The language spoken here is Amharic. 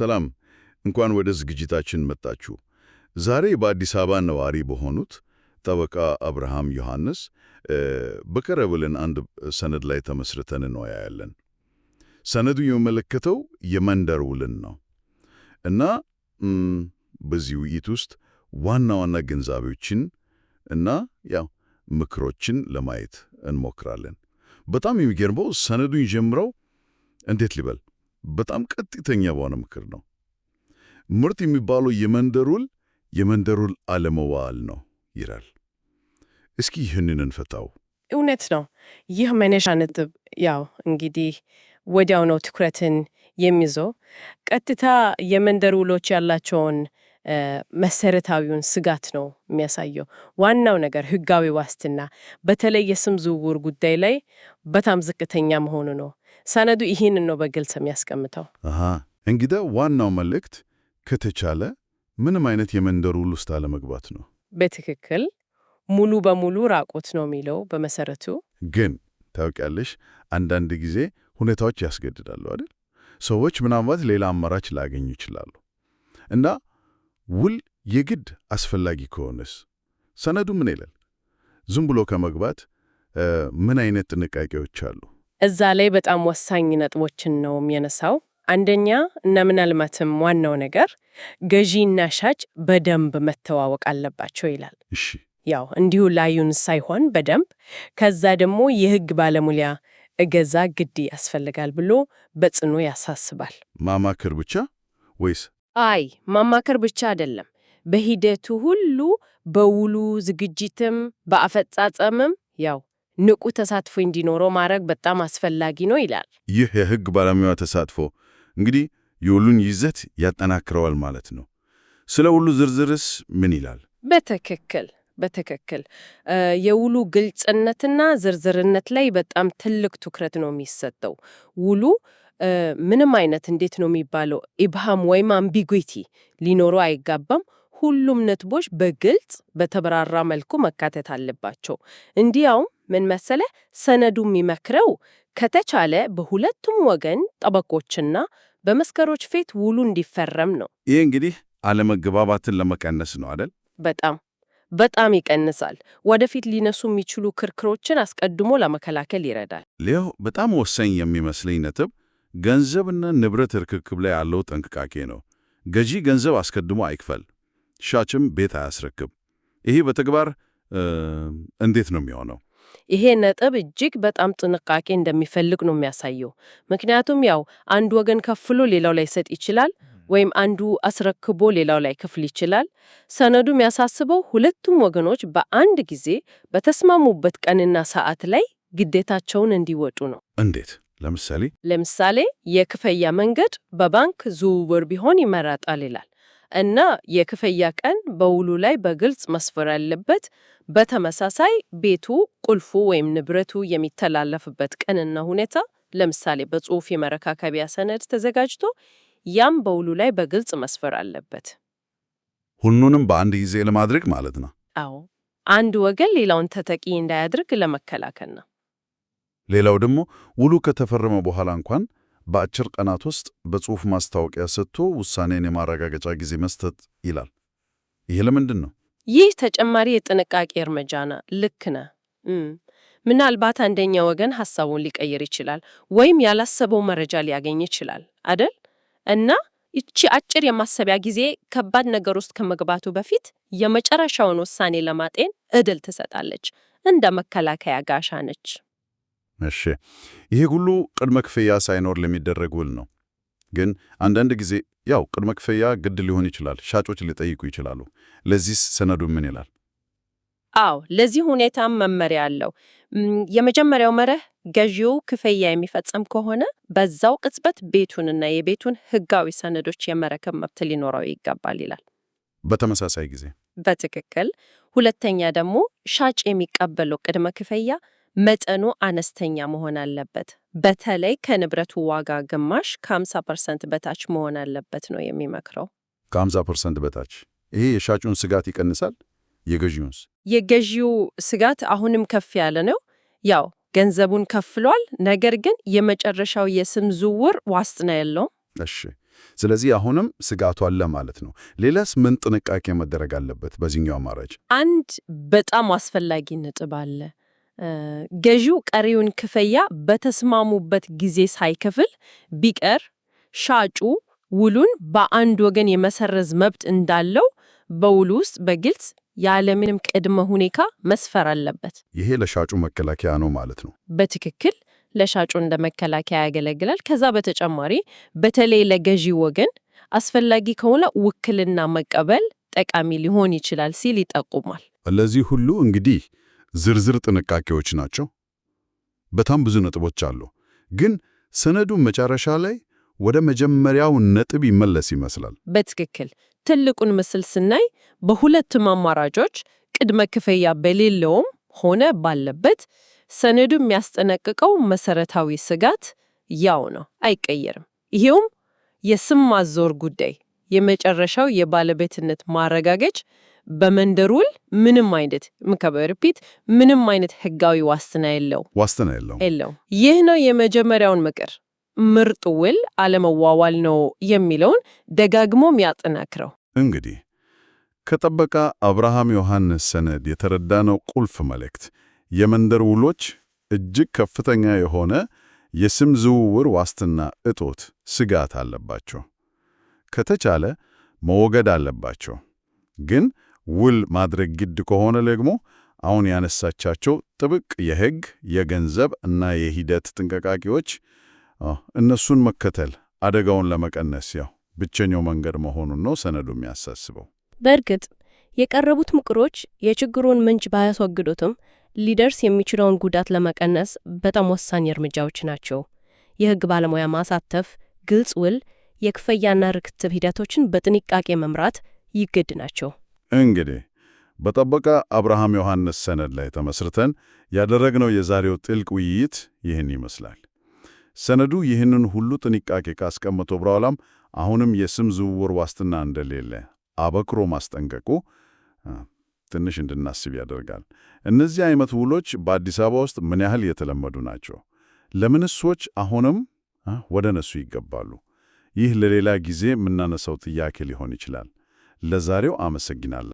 ሰላም፣ እንኳን ወደ ዝግጅታችን መጣችሁ። ዛሬ በአዲስ አበባ ነዋሪ በሆኑት ጠበቃ አብርሃም ዮሐንስ በቀረበልን አንድ ሰነድ ላይ ተመስርተን እንወያያለን። ሰነዱ የሚመለከተው የመንደር ውልን ነው እና በዚህ ውይይት ውስጥ ዋና ዋና ግንዛቤዎችን እና ያው ምክሮችን ለማየት እንሞክራለን። በጣም የሚገርመው ሰነዱን ጀምረው እንዴት ሊበል በጣም ቀጥተኛ በሆነ ምክር ነው። ምርጥ የሚባለው የመንደር ውል የመንደር ውል አለመዋል ነው ይላል። እስኪ ይህንን እንፈታው። እውነት ነው። ይህ መነሻ ነጥብ ያው እንግዲህ ወዲያው ነው ትኩረትን የሚይዘው። ቀጥታ የመንደር ውሎች ያላቸውን መሰረታዊውን ስጋት ነው የሚያሳየው። ዋናው ነገር ህጋዊ ዋስትና በተለይ የስም ዝውውር ጉዳይ ላይ በጣም ዝቅተኛ መሆኑ ነው። ሰነዱ ይህንን ነው በግልጽ የሚያስቀምጠው። እንግዳ ዋናው መልእክት ከተቻለ ምንም አይነት የመንደሩ ውል ውስጥ አለመግባት ነው። በትክክል ሙሉ በሙሉ ራቆት ነው የሚለው በመሰረቱ ግን ታውቂያለሽ፣ አንዳንድ ጊዜ ሁኔታዎች ያስገድዳሉ አይደል? ሰዎች ምናልባት ሌላ አማራጭ ላገኙ ይችላሉ። እና ውል የግድ አስፈላጊ ከሆነስ ሰነዱ ምን ይላል? ዝም ብሎ ከመግባት ምን አይነት ጥንቃቄዎች አሉ? እዛ ላይ በጣም ወሳኝ ነጥቦችን ነው የሚያነሳው። አንደኛ እና ምናልባትም ዋናው ነገር ገዢና ሻጭ በደንብ መተዋወቅ አለባቸው ይላል። ያው እንዲሁ ላዩን ሳይሆን በደንብ ከዛ ደግሞ የህግ ባለሙያ እገዛ ግድ ያስፈልጋል ብሎ በጽኑ ያሳስባል። ማማከር ብቻ ወይስ? አይ ማማከር ብቻ አይደለም። በሂደቱ ሁሉ በውሉ ዝግጅትም በአፈጻጸምም ያው ንቁ ተሳትፎ እንዲኖረው ማድረግ በጣም አስፈላጊ ነው ይላል። ይህ የህግ ባለሙያ ተሳትፎ እንግዲህ የሁሉን ይዘት ያጠናክረዋል ማለት ነው። ስለ ውሉ ዝርዝርስ ምን ይላል? በትክክል በትክክል የውሉ ግልጽነትና ዝርዝርነት ላይ በጣም ትልቅ ትኩረት ነው የሚሰጠው። ውሉ ምንም አይነት እንዴት ነው የሚባለው ኢብሃም ወይም አምቢጉቲ ሊኖረው አይጋባም። ሁሉም ነጥቦች በግልጽ በተብራራ መልኩ መካተት አለባቸው። እንዲያውም ምን መሰለ ሰነዱ የሚመክረው ከተቻለ በሁለቱም ወገን ጠበቆችና በመስከሮች ፊት ውሉ እንዲፈረም ነው። ይህ እንግዲህ አለመግባባትን ለመቀነስ ነው አይደል? በጣም በጣም ይቀንሳል። ወደፊት ሊነሱ የሚችሉ ክርክሮችን አስቀድሞ ለመከላከል ይረዳል። ሌላው በጣም ወሳኝ የሚመስለኝ ነጥብ ገንዘብና ንብረት ርክክብ ላይ ያለው ጥንቃቄ ነው። ገዢ ገንዘብ አስቀድሞ አይክፈል፣ ሻጭም ቤት አያስረክብ። ይሄ በተግባር እንዴት ነው የሚሆነው? ይሄ ነጥብ እጅግ በጣም ጥንቃቄ እንደሚፈልግ ነው የሚያሳየው። ምክንያቱም ያው አንዱ ወገን ከፍሎ ሌላው ላይ ሰጥ ይችላል ወይም አንዱ አስረክቦ ሌላው ላይ ክፍል ይችላል። ሰነዱ የሚያሳስበው ሁለቱም ወገኖች በአንድ ጊዜ በተስማሙበት ቀንና ሰዓት ላይ ግዴታቸውን እንዲወጡ ነው። እንዴት? ለምሳሌ ለምሳሌ የክፈያ መንገድ በባንክ ዝውውር ቢሆን ይመረጣል ይላል። እና የክፍያ ቀን በውሉ ላይ በግልጽ መስፈር አለበት። በተመሳሳይ ቤቱ፣ ቁልፉ ወይም ንብረቱ የሚተላለፍበት ቀንና ሁኔታ ለምሳሌ በጽሁፍ የመረካከቢያ ሰነድ ተዘጋጅቶ ያም በውሉ ላይ በግልጽ መስፈር አለበት። ሁሉንም በአንድ ጊዜ ለማድረግ ማለት ነው። አዎ፣ አንድ ወገን ሌላውን ተጠቂ እንዳያደርግ ለመከላከል ነው። ሌላው ደግሞ ውሉ ከተፈረመ በኋላ እንኳን በአጭር ቀናት ውስጥ በጽሑፍ ማስታወቂያ ሰጥቶ ውሳኔን የማረጋገጫ ጊዜ መስጠት ይላል። ይህ ለምንድን ነው? ይህ ተጨማሪ የጥንቃቄ እርምጃ ነ ልክ ነ ምናልባት አንደኛ ወገን ሀሳቡን ሊቀይር ይችላል ወይም ያላሰበው መረጃ ሊያገኝ ይችላል አደል? እና ይቺ አጭር የማሰቢያ ጊዜ ከባድ ነገር ውስጥ ከመግባቱ በፊት የመጨረሻውን ውሳኔ ለማጤን እድል ትሰጣለች። እንደ መከላከያ ጋሻ ነች። እሺ ይሄ ሁሉ ቅድመ ክፍያ ሳይኖር ለሚደረግ ውል ነው። ግን አንዳንድ ጊዜ ያው ቅድመ ክፍያ ግድ ሊሆን ይችላል፣ ሻጮች ሊጠይቁ ይችላሉ። ለዚህ ሰነዱ ምን ይላል? አዎ ለዚህ ሁኔታም መመሪያ አለው። የመጀመሪያው መርህ ገዢው ክፍያ የሚፈጽም ከሆነ በዛው ቅጽበት ቤቱንና የቤቱን ህጋዊ ሰነዶች የመረከብ መብት ሊኖረው ይገባል ይላል። በተመሳሳይ ጊዜ በትክክል ሁለተኛ ደግሞ ሻጭ የሚቀበለው ቅድመ ክፍያ መጠኑ አነስተኛ መሆን አለበት። በተለይ ከንብረቱ ዋጋ ግማሽ ከ50 ፐርሰንት በታች መሆን አለበት ነው የሚመክረው። ከ50 ፐርሰንት በታች ይሄ የሻጩን ስጋት ይቀንሳል። የገዢውንስ? የገዢው ስጋት አሁንም ከፍ ያለ ነው። ያው ገንዘቡን ከፍሏል፣ ነገር ግን የመጨረሻው የስም ዝውውር ዋስትና የለውም። እሺ፣ ስለዚህ አሁንም ስጋቱ አለ ማለት ነው። ሌላስ ምን ጥንቃቄ መደረግ አለበት በዚህኛው አማራጭ? አንድ በጣም አስፈላጊ ነጥብ አለ። ገዢው ቀሪውን ክፍያ በተስማሙበት ጊዜ ሳይከፍል ቢቀር ሻጩ ውሉን በአንድ ወገን የመሰረዝ መብት እንዳለው በውሉ ውስጥ በግልጽ ያለምንም ቅድመ ሁኔታ መስፈር አለበት። ይሄ ለሻጩ መከላከያ ነው ማለት ነው። በትክክል ለሻጩ እንደ መከላከያ ያገለግላል። ከዛ በተጨማሪ በተለይ ለገዢ ወገን አስፈላጊ ከሆነ ውክልና መቀበል ጠቃሚ ሊሆን ይችላል ሲል ይጠቁማል። ለዚህ ሁሉ እንግዲህ ዝርዝር ጥንቃቄዎች ናቸው። በጣም ብዙ ነጥቦች አሉ፣ ግን ሰነዱ መጨረሻ ላይ ወደ መጀመሪያው ነጥብ ይመለስ ይመስላል። በትክክል ትልቁን ምስል ስናይ በሁለቱም አማራጮች ቅድመ ክፍያ በሌለውም ሆነ ባለበት ሰነዱ የሚያስጠነቅቀው መሰረታዊ ስጋት ያው ነው፣ አይቀየርም። ይሄውም የስም ማዞር ጉዳይ የመጨረሻው የባለቤትነት ማረጋገጭ በመንደር ውል ምንም አይነት ምከበርፒት ምንም አይነት ህጋዊ ዋስትና የለው ዋስትና የለው የለው። ይህ ነው የመጀመሪያውን ምክር ምርጥ ውል አለመዋዋል ነው የሚለውን ደጋግሞም ያጠናክረው። እንግዲህ ከጠበቃ አብርሃም ዮሐንስ ሰነድ የተረዳነው ቁልፍ መልእክት የመንደር ውሎች እጅግ ከፍተኛ የሆነ የስም ዝውውር ዋስትና እጦት ስጋት አለባቸው። ከተቻለ መወገድ አለባቸው ግን ውል ማድረግ ግድ ከሆነ ደግሞ አሁን ያነሳቻቸው ጥብቅ የሕግ የገንዘብ እና የሂደት ጥንቃቄዎች እነሱን መከተል አደጋውን ለመቀነስ ያው ብቸኛው መንገድ መሆኑን ነው ሰነዱ የሚያሳስበው። በእርግጥ የቀረቡት ምክሮች የችግሩን ምንጭ ባያስወግዱትም ሊደርስ የሚችለውን ጉዳት ለመቀነስ በጣም ወሳኝ እርምጃዎች ናቸው። የሕግ ባለሙያ ማሳተፍ፣ ግልጽ ውል፣ የክፍያና ርክትብ ሂደቶችን በጥንቃቄ መምራት ይግድ ናቸው። እንግዲህ በጠበቃ አብርሃም ዮሐንስ ሰነድ ላይ ተመስርተን ያደረግነው የዛሬው ጥልቅ ውይይት ይህን ይመስላል። ሰነዱ ይህንን ሁሉ ጥንቃቄ ካስቀመጠ በኋላም አሁንም የስም ዝውውር ዋስትና እንደሌለ አበክሮ ማስጠንቀቁ ትንሽ እንድናስብ ያደርጋል። እነዚህ አይነት ውሎች በአዲስ አበባ ውስጥ ምን ያህል የተለመዱ ናቸው? ለምንስ ሰዎች አሁንም ወደ እነሱ ይገባሉ? ይህ ለሌላ ጊዜ የምናነሳው ጥያቄ ሊሆን ይችላል። ለዛሬው አመሰግናለሁ።